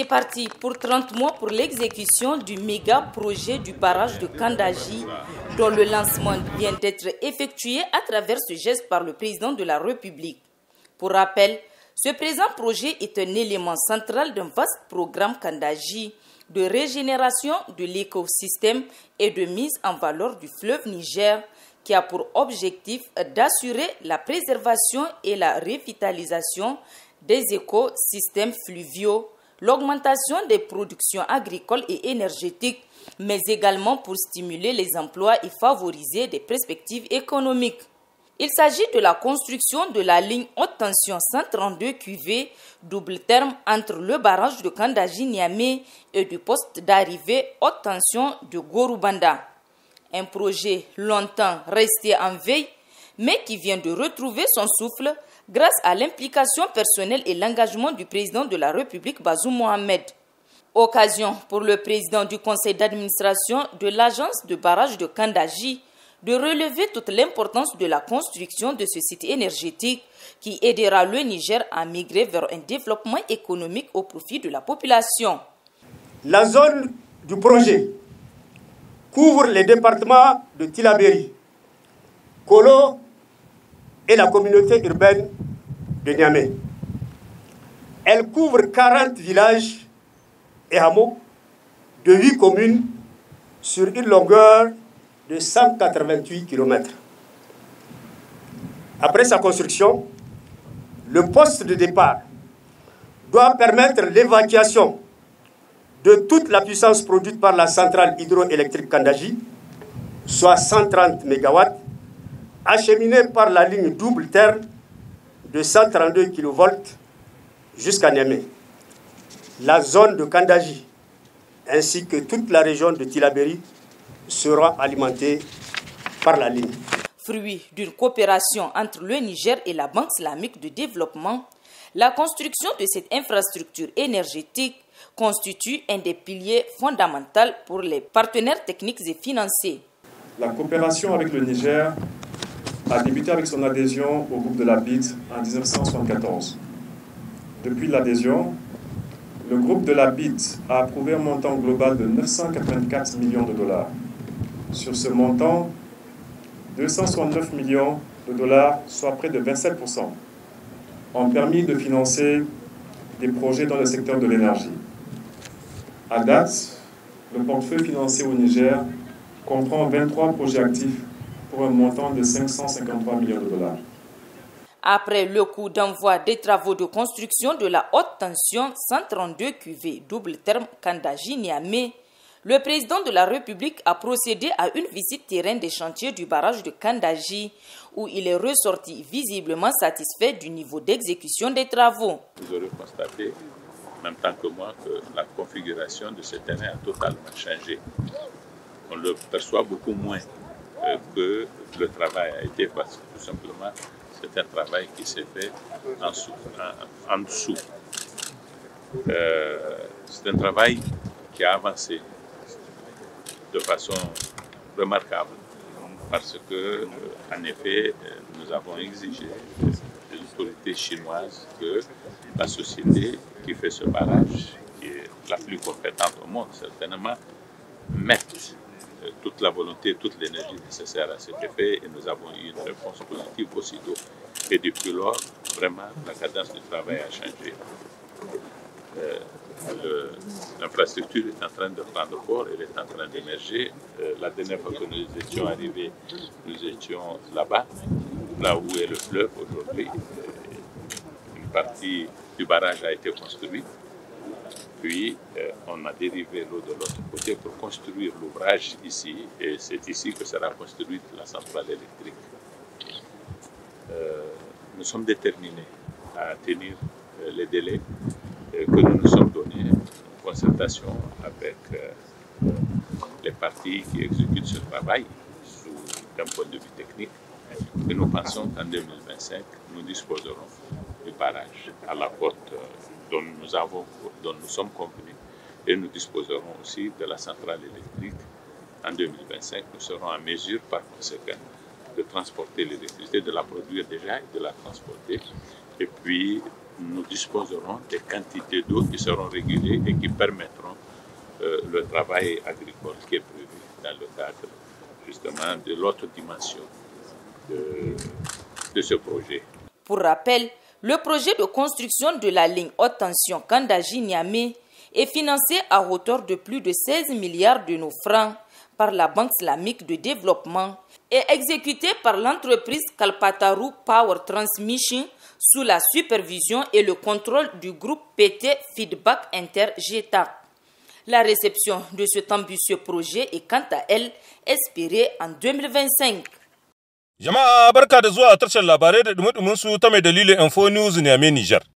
c'est parti pour 30 mois pour l'exécution du méga projet du barrage de Kandaji, dont le lancement vient d'être effectué à travers ce geste par le président de la République. Pour rappel, ce présent projet est un élément central d'un vaste programme Kandaji de régénération de l'écosystème et de mise en valeur du fleuve Niger qui a pour objectif d'assurer la préservation et la revitalisation des écosystèmes fluviaux l'augmentation des productions agricoles et énergétiques, mais également pour stimuler les emplois et favoriser des perspectives économiques. Il s'agit de la construction de la ligne haute tension 132 QV, double terme entre le barrage de kandaji et du poste d'arrivée haute tension de Gorubanda. Un projet longtemps resté en veille, mais qui vient de retrouver son souffle grâce à l'implication personnelle et l'engagement du président de la République Bazoum Mohamed. Occasion pour le président du conseil d'administration de l'agence de barrage de Kandaji de relever toute l'importance de la construction de ce site énergétique qui aidera le Niger à migrer vers un développement économique au profit de la population. La zone du projet couvre les départements de Tilaberi, Kolo, et la communauté urbaine de Niamey. Elle couvre 40 villages et hameaux de 8 communes sur une longueur de 188 km. Après sa construction, le poste de départ doit permettre l'évacuation de toute la puissance produite par la centrale hydroélectrique Kandaji, soit 130 MW, acheminé par la ligne double terre de 132 kV jusqu'à Némé. La zone de Kandaji ainsi que toute la région de Tilaberi sera alimentée par la ligne. Fruit d'une coopération entre le Niger et la Banque islamique de développement, la construction de cette infrastructure énergétique constitue un des piliers fondamentaux pour les partenaires techniques et financiers. La coopération avec le Niger a débuté avec son adhésion au groupe de la BIT en 1974. Depuis l'adhésion, le groupe de la BIT a approuvé un montant global de 984 millions de dollars. Sur ce montant, 269 millions de dollars, soit près de 27%, ont permis de financer des projets dans le secteur de l'énergie. À date, le portefeuille financier au Niger comprend 23 projets actifs pour un montant de 553 millions de dollars. Après le coût d'envoi des travaux de construction de la haute tension 132 QV double terme Kandaji-Niamey, le président de la République a procédé à une visite terrain des chantiers du barrage de Kandaji, où il est ressorti visiblement satisfait du niveau d'exécution des travaux. Vous aurez constaté, en même temps que moi, que la configuration de ce terrain a totalement changé. On le perçoit beaucoup moins euh, que le travail a été parce que tout simplement c'est un travail qui s'est fait en, en, dessous. Euh, c'est un travail qui a avancé de façon remarquable parce que, euh, en effet, nous avons exigé de autorités chinoise que la société qui fait ce barrage, qui est la plus compétente au monde certainement, mette toute la volonté, toute l'énergie nécessaire à cet effet et nous avons eu une réponse positive aussitôt. Et depuis lors, vraiment, la cadence du travail a changé. Euh, l'infrastructure est en train de prendre corps, elle est en train d'émerger. Euh, la dernière fois que nous étions arrivés, nous étions là-bas, là où est le fleuve aujourd'hui. Euh, une partie du barrage a été construite puis euh, on a dérivé l'eau de l'autre côté pour construire l'ouvrage ici, et c'est ici que sera construite la centrale électrique. Euh, nous sommes déterminés à tenir euh, les délais que nous nous sommes donnés en concertation avec les parties qui exécutent ce travail d'un point de vue technique. Et nous pensons qu'en 2025, nous disposerons du barrage à la côte dont nous, avons, dont nous sommes convenus et nous disposerons aussi de la centrale électrique en 2025. Nous serons en mesure par conséquent de transporter l'électricité, de la produire déjà et de la transporter. Et puis nous disposerons des quantités d'eau qui seront régulées et qui permettront euh, le travail agricole qui est prévu dans le cadre justement de l'autre dimension de, de ce projet. Pour rappel, le projet de construction de la ligne haute tension Kandaji-Niamey est financé à hauteur de plus de 16 milliards de nos francs par la Banque islamique de développement et exécuté par l'entreprise Kalpataru Power Transmission sous la supervision et le contrôle du groupe PT Feedback inter La réception de cet ambitieux projet est quant à elle espérée en 2025. Jama'a barka da zuwa tashar labarai da dumi su ta mai dalilin Info News a Niger.